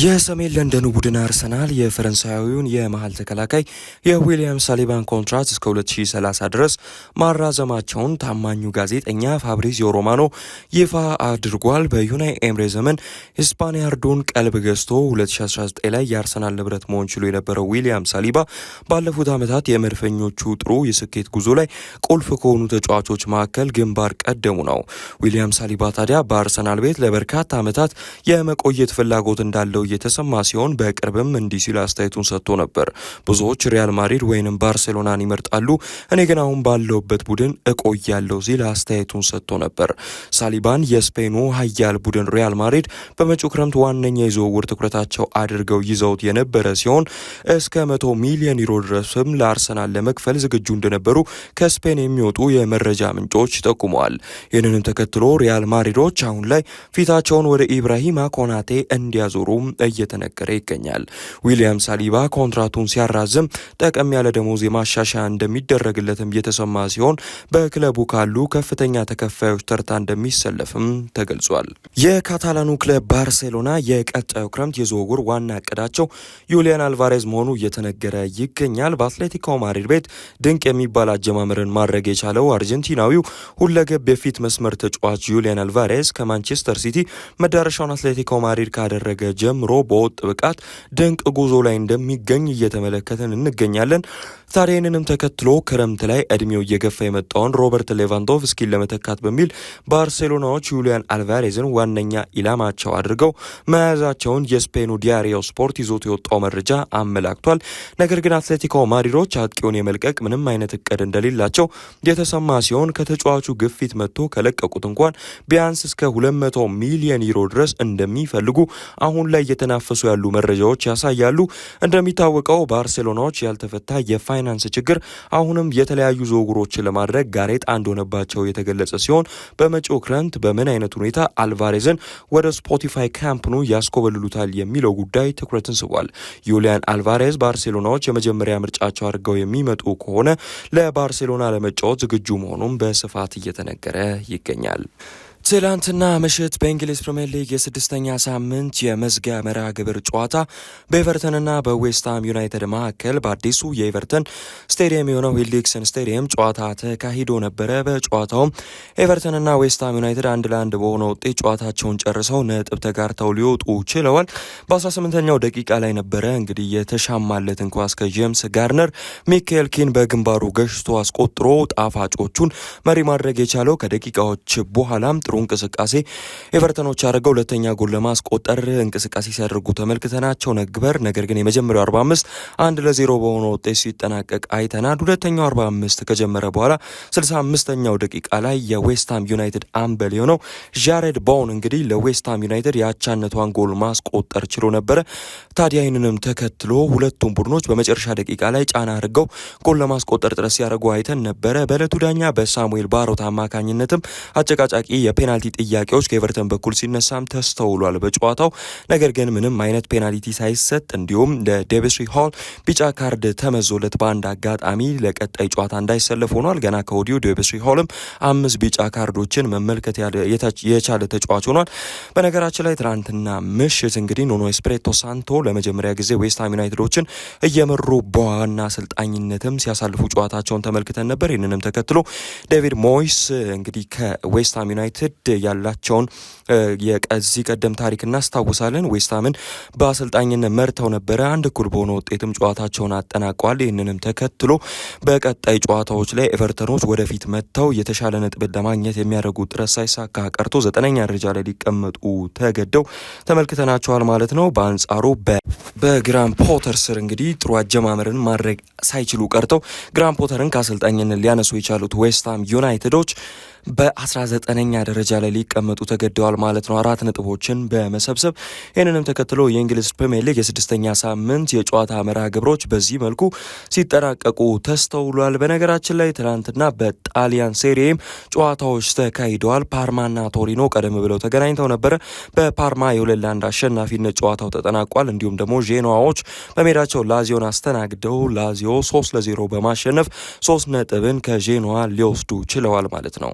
የሰሜን ለንደኑ ቡድን አርሰናል የፈረንሳዊውን የመሀል ተከላካይ የዊሊያም ሳሊባን ኮንትራት እስከ 2030 ድረስ ማራዘማቸውን ታማኙ ጋዜጠኛ ፋብሪዚዮ ሮማኖ ይፋ አድርጓል። በዩናይ ኤምሬ ዘመን ሂስፓኒያርዶን ቀልብ ገዝቶ 2019 ላይ የአርሰናል ንብረት መሆን ችሎ የነበረው ዊሊያም ሳሊባ ባለፉት ዓመታት የመድፈኞቹ ጥሩ የስኬት ጉዞ ላይ ቁልፍ ከሆኑ ተጫዋቾች መካከል ግንባር ቀደሙ ነው። ዊሊያም ሳሊባ ታዲያ በአርሰናል ቤት ለበርካታ ዓመታት የመቆየት ፍላጎት እንዳለው የተሰማ ሲሆን በቅርብም እንዲህ ሲል አስተያየቱን ሰጥቶ ነበር። ብዙዎች ሪያል ማድሪድ ወይንም ባርሴሎናን ይመርጣሉ፣ እኔ ግን አሁን ባለውበት ቡድን እቆያለሁ ሲል አስተያየቱን ሰጥቶ ነበር። ሳሊባን የስፔኑ ሀያል ቡድን ሪያል ማድሪድ በመጪው ክረምት ዋነኛ የዝውውር ትኩረታቸው አድርገው ይዘውት የነበረ ሲሆን እስከ መቶ ሚሊዮን ዩሮ ድረስም ለአርሰናል ለመክፈል ዝግጁ እንደነበሩ ከስፔን የሚወጡ የመረጃ ምንጮች ጠቁመዋል። ይህንንም ተከትሎ ሪያል ማድሪዶች አሁን ላይ ፊታቸውን ወደ ኢብራሂማ ኮናቴ እንዲያዞሩም እየተነገረ ይገኛል። ዊሊያም ሳሊባ ኮንትራቱን ሲያራዝም ጠቀም ያለ ደሞዝ የማሻሻያ እንደሚደረግለትም እየተሰማ ሲሆን በክለቡ ካሉ ከፍተኛ ተከፋዮች ተርታ እንደሚሰለፍም ተገልጿል። የካታላኑ ክለብ ባርሴሎና የቀጣዩ ክረምት የዝውውር ዋና እቅዳቸው ዩሊያን አልቫሬዝ መሆኑ እየተነገረ ይገኛል። በአትሌቲኮ ማድሪድ ቤት ድንቅ የሚባል አጀማመርን ማድረግ የቻለው አርጀንቲናዊው ሁለገብ የፊት መስመር ተጫዋች ዩሊያን አልቫሬዝ ከማንቸስተር ሲቲ መዳረሻውን አትሌቲኮ ማድሪድ ካደረገ ጀምሮ ጀምሮ በወጥ ብቃት ድንቅ ጉዞ ላይ እንደሚገኝ እየተመለከትን እንገኛለን። ታዲያ ይህንንም ተከትሎ ክረምት ላይ እድሜው እየገፋ የመጣውን ሮበርት ሌቫንዶቭስኪን ለመተካት በሚል ባርሴሎናዎች ዩሊያን አልቫሬዝን ዋነኛ ኢላማቸው አድርገው መያዛቸውን የስፔኑ ዲያሪዮ ስፖርት ይዞት የወጣው መረጃ አመላክቷል። ነገር ግን አትሌቲኮ ማድሪዶች አጥቂውን የመልቀቅ ምንም አይነት እቅድ እንደሌላቸው የተሰማ ሲሆን ከተጫዋቹ ግፊት መጥቶ ከለቀቁት እንኳን ቢያንስ እስከ 200 ሚሊዮን ዩሮ ድረስ እንደሚፈልጉ አሁን ላይ እየተናፈሱ ያሉ መረጃዎች ያሳያሉ። እንደሚታወቀው ባርሴሎናዎች ያልተፈታ የፋ የፋይናንስ ችግር አሁንም የተለያዩ ዝውውሮችን ለማድረግ ጋሬጣ እንደሆነባቸው የተገለጸ ሲሆን በመጪው ክረምት በምን አይነት ሁኔታ አልቫሬዝን ወደ ስፖቲፋይ ኑ ያስኮበልሉታል የሚለው ጉዳይ ትኩረትን ስቧል። ዩሊያን አልቫሬዝ ባርሴሎናዎች የመጀመሪያ ምርጫቸው አድርገው የሚመጡ ከሆነ ለባርሴሎና ለመጫወት ዝግጁ መሆኑን በስፋት እየተነገረ ይገኛል። ትላንትና ምሽት በእንግሊዝ ፕሪምየር ሊግ የስድስተኛ ሳምንት የመዝጊያ መርሃ ግብር ጨዋታ በኤቨርተንና በዌስትሃም ዩናይትድ መካከል በአዲሱ የኤቨርተን ስቴዲየም የሆነው ሂልዲክሰን ስቴዲየም ጨዋታ ተካሂዶ ነበረ። በጨዋታውም ኤቨርተንና ዌስትሃም ዩናይትድ አንድ ለአንድ በሆነ ውጤት ጨዋታቸውን ጨርሰው ነጥብ ተጋርተው ሊወጡ ችለዋል። በ18ኛው ደቂቃ ላይ ነበረ እንግዲህ የተሻማለትን ኳስ ከጄምስ ጋርነር ሚካኤል ኪን በግንባሩ ገሽቶ አስቆጥሮ ጣፋጮቹን መሪ ማድረግ የቻለው ከደቂቃዎች በኋላም ጥሩ እንቅስቃሴ ኤቨርተኖች አድርገው ሁለተኛ ጎል ለማስቆጠር እንቅስቃሴ ሲያደርጉ ተመልክተናቸው ነግበር ነገር ግን የመጀመሪያው 45 አንድ ለዜሮ በሆነ ውጤት ሲጠናቀቅ አይተናል። ሁለተኛው 45 ከጀመረ በኋላ 65ኛው ደቂቃ ላይ የዌስትሃም ዩናይትድ አምበል የሆነው ጃሬድ ቦውን እንግዲህ ለዌስትሃም ዩናይትድ የአቻነቷን ጎል ማስቆጠር ችሎ ነበረ። ታዲያ ይህንንም ተከትሎ ሁለቱም ቡድኖች በመጨረሻ ደቂቃ ላይ ጫና አድርገው ጎል ለማስቆጠር ጥረት ሲያደርጉ አይተን ነበረ። በእለቱ ዳኛ በሳሙኤል ባሮት አማካኝነትም አጨቃጫቂ የፔ የፔናልቲ ጥያቄዎች ከኤቨርተን በኩል ሲነሳም ተስተውሏል በጨዋታው ነገር ግን ምንም አይነት ፔናልቲ ሳይሰጥ እንዲሁም ለዴቤስሪ ሆል ቢጫ ካርድ ተመዞለት በአንድ አጋጣሚ ለቀጣይ ጨዋታ እንዳይሰለፍ ሆኗል። ገና ከወዲሁ ዴቤስሪ ሆልም አምስት ቢጫ ካርዶችን መመልከት የቻለ ተጫዋች ሆኗል። በነገራችን ላይ ትናንትና ምሽት እንግዲህ ኑኖ ኤስፒሪቶ ሳንቶ ለመጀመሪያ ጊዜ ዌስትሃም ዩናይትዶችን እየመሩ በዋና አሰልጣኝነትም ሲያሳልፉ ጨዋታቸውን ተመልክተን ነበር። ይህንንም ተከትሎ ዴቪድ ሞይስ እንግዲህ ከዌስትሃም ዩናይትድ ግድ ያላቸውን የቀዚህ ቀደም ታሪክ እናስታውሳለን። ዌስታምን በአሰልጣኝነት መርተው ነበረ። አንድ እኩል በሆነ ውጤትም ጨዋታቸውን አጠናቀዋል። ይህንንም ተከትሎ በቀጣይ ጨዋታዎች ላይ ኤቨርተኖች ወደፊት መጥተው የተሻለ ነጥብን ለማግኘት የሚያደርጉ ጥረት ሳይሳካ ቀርቶ ዘጠነኛ ደረጃ ላይ ሊቀመጡ ተገደው ተመልክተናቸዋል ማለት ነው። በአንጻሩ በግራን ፖተር ስር እንግዲህ ጥሩ አጀማመርን ማድረግ ሳይችሉ ቀርተው ግራን ፖተርን ከአሰልጣኝነት ሊያነሱ የቻሉት ዌስታም ዩናይትዶች በ19ኛ ደረጃ ላይ ሊቀመጡ ተገደዋል ማለት ነው አራት ነጥቦችን በመሰብሰብ ይህንንም ተከትሎ የእንግሊዝ ፕሪምየር ሊግ የስድስተኛ ሳምንት የጨዋታ መርሃ ግብሮች በዚህ መልኩ ሲጠናቀቁ ተስተውሏል። በነገራችን ላይ ትናንትና በጣሊያን ሴሪም ጨዋታዎች ተካሂደዋል። ፓርማና ቶሪኖ ቀደም ብለው ተገናኝተው ነበረ። በፓርማ የሁለት ለአንድ አሸናፊነት ጨዋታው ተጠናቋል። እንዲሁም ደግሞ ዤኖዋዎች በሜዳቸው ላዚዮን አስተናግደው ላዚዮ ሶስት ለዜሮ በማሸነፍ ሶስት ነጥብን ከዤኖዋ ሊወስዱ ችለዋል ማለት ነው።